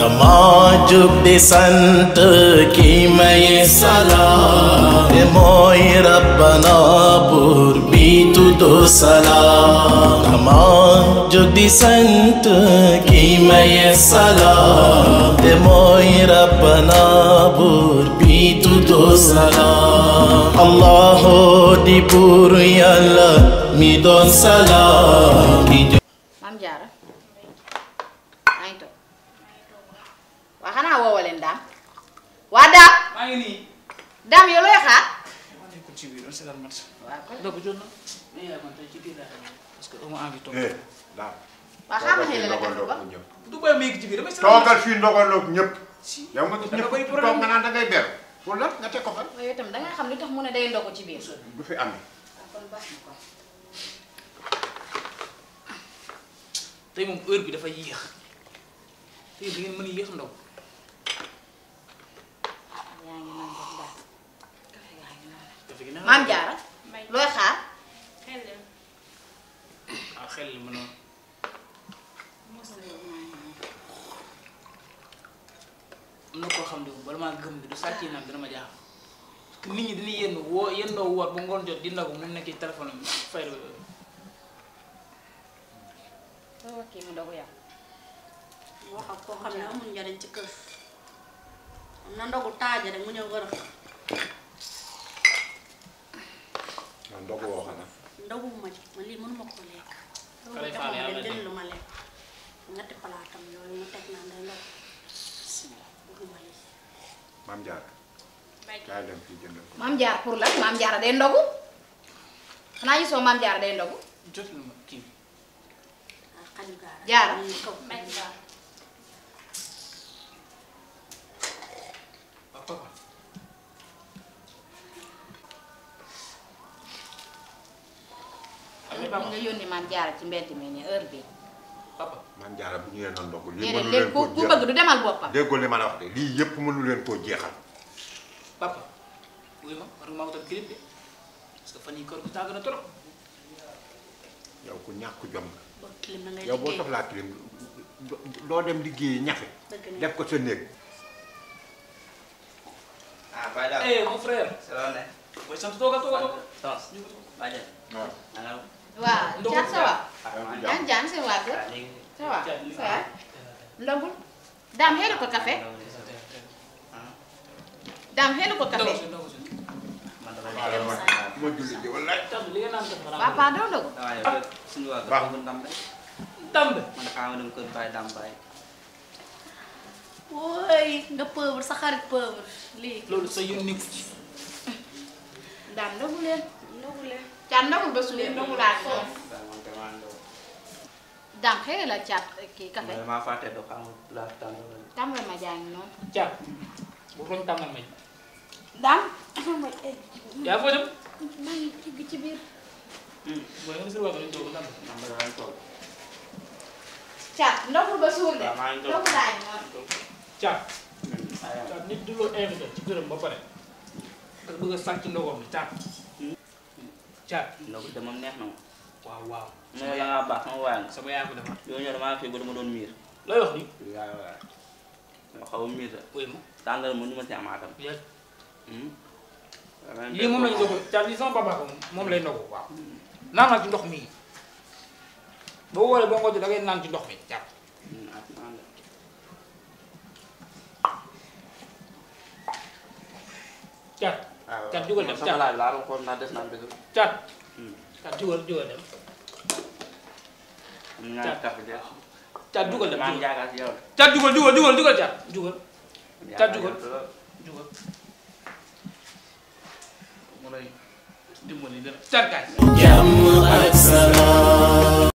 dama jug di sant ki may salaam te mooy rabbana buur bi tuddu salaam dama jug di sant ki may mi doon salaam. Maam waa xanaa woowa leen daam waa daam. maa ngi nii. daam yow looy xaar. maa nekkul ci biir jot na. parce que dama envie toog. Eh, daam. waa xaaral ma la ba fii ndogandoog ñëpp. si yow nga nga naan da ngay ber. wala nga teg ko xam li tax mu ne day ndogu ci biir. du fi amee. kon baax na tey moom heure bi dafa yéex tey da yéex ndogu maam jaara looy xaar. ah xel li mënoon. am na koo xam ne bala maa gëm bi du sàcc yi naan dana ma jaaxal parce nit ñi dañuy yenn woo yendoo woor ba ngoon jot di ndagu mu nekk ci téléphone am fay la. soo wakkee mu ak koo ne ci kër am na ndogu taaja rek mu ñëw wërëx. ndogu woo xanaa. ndogu maam Diarra. yaa dem maam Diarra pour lan maam Diarra day ndogu xanaa gisoo maam Diarra day ndogu. jot na ma heure ba nga yónni maam jaara ci mbedd mi ne heure bi papa maam bu ñu leen doon dogg lii bëgg du demal boppam déggoo li ma la wax de lii yëpp mënu leen koo jeexal papa wuyu ma war nga ku ñàkk jom nga boo soxlaa clim doo dem liggéeyi ñafe def ko sa néeg ah, waa Diagne ça va. Diagne Diagne ça va kër. ça ko café. Dame xeelu ko café. ma julli ji wallaay. papa doo ndogu. baax Ndambe. man xaaral ma dem kër wooy nga pauvre sa xarit pauvre lii. loolu sa unique. Dame ndogu leen. cat ndawul ba suur ndawul laa soos dànqee la cat kii kafe ma fàtte dox amul la tàmbal ma jaa ngi noonu cat bu foog tàmbal ma daan yaa foo dem maa ngi ci ci biir mooy nga si wax nañ toog ndam ndam la toog cat ndawul ba suur de ndawul laa ngi noonu cat cat nit du loo invité ci gërëm ba pare nga bëgg a sàcc ndogom bi cat caat. ndox demam neex na ma. waaw waaw. sama yaay la baax sama waay la. sama yaay ko defar. yow ñëw damaa xëy ba dama doon miir. looy wax nii. waaw waaw. ma xaw a miir la. oui ma. tàngal ma ñu ma si amaatam. yéen. Hmm? lii moom lañ doon caat lii sama papa ko moom lay ndogu waaw. naan na ci ndox mi boo wóoree boo ngootee da ngay naan ci ndox mi caat. Hmm, caat. Ah, cat jugal dem cat laa doon xool ndax des naa dëgg. cat. Hmm. cat jugal jugal dem. cat cat a cat kaay. jàmm ak salaam.